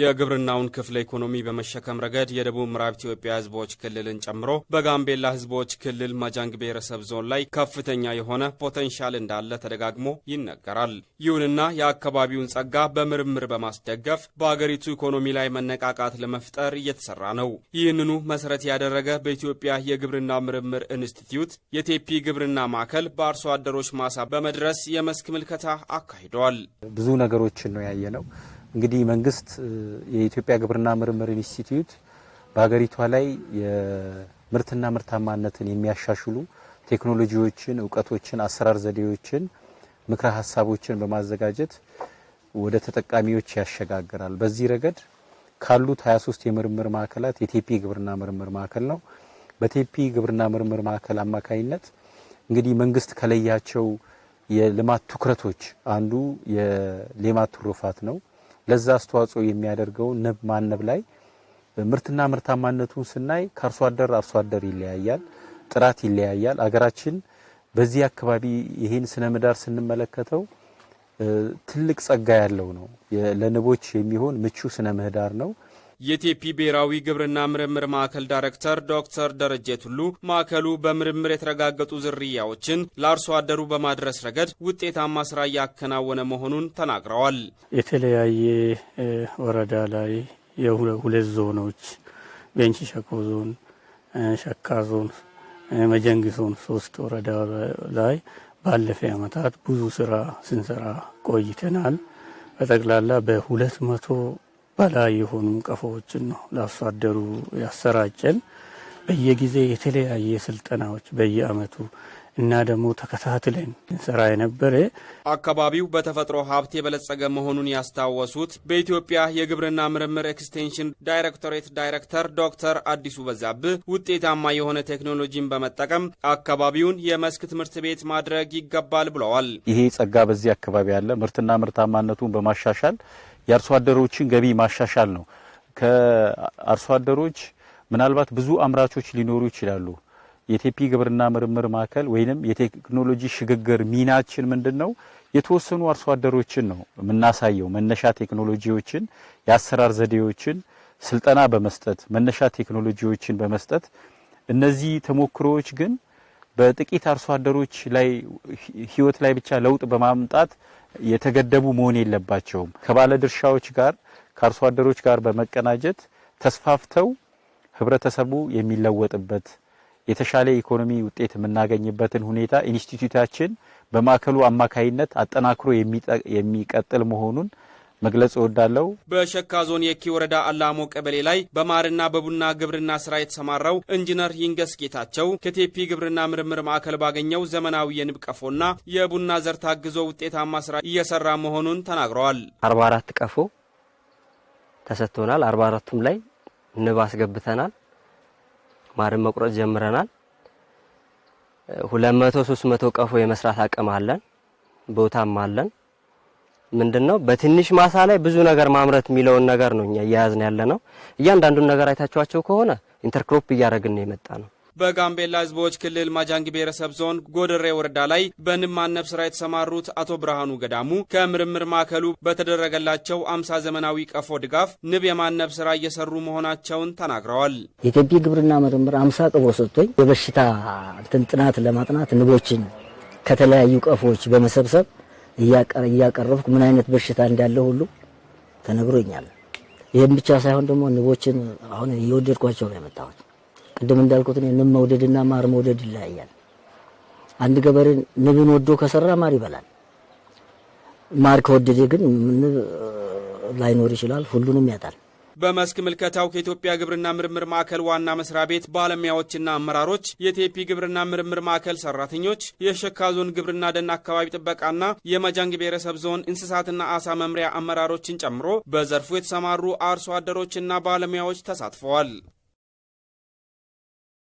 የግብርናውን ክፍለ ኢኮኖሚ በመሸከም ረገድ የደቡብ ምዕራብ ኢትዮጵያ ህዝቦች ክልልን ጨምሮ በጋምቤላ ህዝቦች ክልል መጃንግ ብሔረሰብ ዞን ላይ ከፍተኛ የሆነ ፖተንሻል እንዳለ ተደጋግሞ ይነገራል። ይሁንና የአካባቢውን ጸጋ በምርምር በማስደገፍ በአገሪቱ ኢኮኖሚ ላይ መነቃቃት ለመፍጠር እየተሰራ ነው። ይህንኑ መሰረት ያደረገ በኢትዮጵያ የግብርና ምርምር ኢንስቲትዩት የቴፒ ግብርና ማዕከል በአርሶ አደሮች ማሳ በመድረስ የመስክ ምልከታ አካሂደዋል። ብዙ ነገሮችን ነው ያየነው። እንግዲህ መንግስት የኢትዮጵያ ግብርና ምርምር ኢንስቲትዩት በሀገሪቷ ላይ የምርትና ምርታማነትን የሚያሻሽሉ ቴክኖሎጂዎችን፣ እውቀቶችን፣ አሰራር ዘዴዎችን፣ ምክረ ሀሳቦችን በማዘጋጀት ወደ ተጠቃሚዎች ያሸጋግራል። በዚህ ረገድ ካሉት 23 የምርምር ማዕከላት የቴፒ ግብርና ምርምር ማዕከል ነው። በቴፒ ግብርና ምርምር ማዕከል አማካኝነት እንግዲህ መንግስት ከለያቸው የልማት ትኩረቶች አንዱ የሌማት ትሩፋት ነው። ለዛ አስተዋጽኦ የሚያደርገው ንብ ማነብ ላይ ምርትና ምርታማነቱን ስናይ ከአርሶ አደር አርሶ አደር ይለያያል፣ ጥራት ይለያያል። አገራችን በዚህ አካባቢ ይህን ስነ ምህዳር ስንመለከተው ትልቅ ጸጋ ያለው ነው። ለንቦች የሚሆን ምቹ ስነ ምህዳር ነው። የቴፒ ብሔራዊ ግብርና ምርምር ማዕከል ዳይሬክተር ዶክተር ደረጀ ቱሉ ማዕከሉ በምርምር የተረጋገጡ ዝርያዎችን ለአርሶ አደሩ በማድረስ ረገድ ውጤታማ ስራ እያከናወነ መሆኑን ተናግረዋል። የተለያየ ወረዳ ላይ የሁለት ዞኖች ቤንች ሸኮ ዞን፣ ሸካ ዞን፣ መጀንግ ዞን ሶስት ወረዳ ላይ ባለፈ ዓመታት ብዙ ስራ ስንሰራ ቆይተናል። በጠቅላላ በሁለት መቶ በላይ የሆኑ ቀፎዎችን ነው ለአርሶ አደሩ ያሰራጨን። በየጊዜ የተለያየ ስልጠናዎች በየአመቱ እና ደግሞ ተከታትለን ስራ የነበረ አካባቢው በተፈጥሮ ሀብት የበለጸገ መሆኑን ያስታወሱት በኢትዮጵያ የግብርና ምርምር ኤክስቴንሽን ዳይሬክቶሬት ዳይሬክተር ዶክተር አዲሱ በዛብህ ውጤታማ የሆነ ቴክኖሎጂን በመጠቀም አካባቢውን የመስክ ትምህርት ቤት ማድረግ ይገባል ብለዋል። ይሄ ጸጋ በዚህ አካባቢ ያለ ምርትና ምርታማነቱን በማሻሻል የአርሶ አደሮችን ገቢ ማሻሻል ነው። ከአርሶ አደሮች ምናልባት ብዙ አምራቾች ሊኖሩ ይችላሉ። የቴፒ ግብርና ምርምር ማዕከል ወይንም የቴክኖሎጂ ሽግግር ሚናችን ምንድን ነው? የተወሰኑ አርሶ አደሮችን ነው የምናሳየው። መነሻ ቴክኖሎጂዎችን፣ የአሰራር ዘዴዎችን ስልጠና በመስጠት መነሻ ቴክኖሎጂዎችን በመስጠት እነዚህ ተሞክሮዎች ግን በጥቂት አርሶ አደሮች ላይ ህይወት ላይ ብቻ ለውጥ በማምጣት የተገደቡ መሆን የለባቸውም። ከባለ ድርሻዎች ጋር ከአርሶ አደሮች ጋር በመቀናጀት ተስፋፍተው ህብረተሰቡ የሚለወጥበት የተሻለ ኢኮኖሚ ውጤት የምናገኝበትን ሁኔታ ኢንስቲትዩታችን በማዕከሉ አማካይነት አጠናክሮ የሚቀጥል መሆኑን መግለጽ እወዳለሁ። በሸካ ዞን የኪ ወረዳ አላሞ ቀበሌ ላይ በማርና በቡና ግብርና ስራ የተሰማራው ኢንጂነር ይንገስ ጌታቸው ከቴፒ ግብርና ምርምር ማዕከል ባገኘው ዘመናዊ የንብ ቀፎና የቡና ዘር ታግዞ ውጤታማ ስራ እየሰራ መሆኑን ተናግረዋል። 44 ቀፎ ተሰጥቶናል። 44 44ቱም ላይ ንብ አስገብተናል። ማርን መቁረጥ ጀምረናል። 200 መቶ መቶ ቀፎ የመስራት አቅም አለን፣ ቦታም አለን። ምንድን ነው በትንሽ ማሳ ላይ ብዙ ነገር ማምረት የሚለውን ነገር ነው እኛ እያያዝን ያለ ነው። እያንዳንዱን ነገር አይታችኋቸው ከሆነ ኢንተርክሮፕ እያደረግን የመጣ ነው። በጋምቤላ ህዝቦች ክልል ማጃንግ ብሔረሰብ ዞን ጎደሬ ወረዳ ላይ በንብ ማነብ ስራ የተሰማሩት አቶ ብርሃኑ ገዳሙ ከምርምር ማዕከሉ በተደረገላቸው አምሳ ዘመናዊ ቀፎ ድጋፍ ንብ የማነብ ስራ እየሰሩ መሆናቸውን ተናግረዋል። የገቢ ግብርና ምርምር አምሳ ቀፎ ሰጥቶኝ የበሽታ እንትን ጥናት ለማጥናት ንቦችን ከተለያዩ ቀፎዎች በመሰብሰብ እያቀረብኩ ምን አይነት በሽታ እንዳለ ሁሉ ተነግሮኛል። ይህም ብቻ ሳይሆን ደግሞ ንቦችን አሁን እየወደድኳቸው ነው የመጣሁት። ቅድም እንዳልኩት ንብ መውደድና ማር መውደድ ይለያያል። አንድ ገበሬ ንብን ወዶ ከሰራ ማር ይበላል። ማር ከወደደ ግን ንብ ላይኖር ይችላል፣ ሁሉንም ያጣል። በመስክ ምልከታው ከኢትዮጵያ ግብርና ምርምር ማዕከል ዋና መስሪያ ቤት ባለሙያዎችና አመራሮች፣ የቴፒ ግብርና ምርምር ማዕከል ሰራተኞች፣ የሸካ ዞን ግብርና ደን አካባቢ ጥበቃና የመጃንግ ብሔረሰብ ዞን እንስሳትና አሳ መምሪያ አመራሮችን ጨምሮ በዘርፉ የተሰማሩ አርሶ አደሮችና ባለሙያዎች ተሳትፈዋል።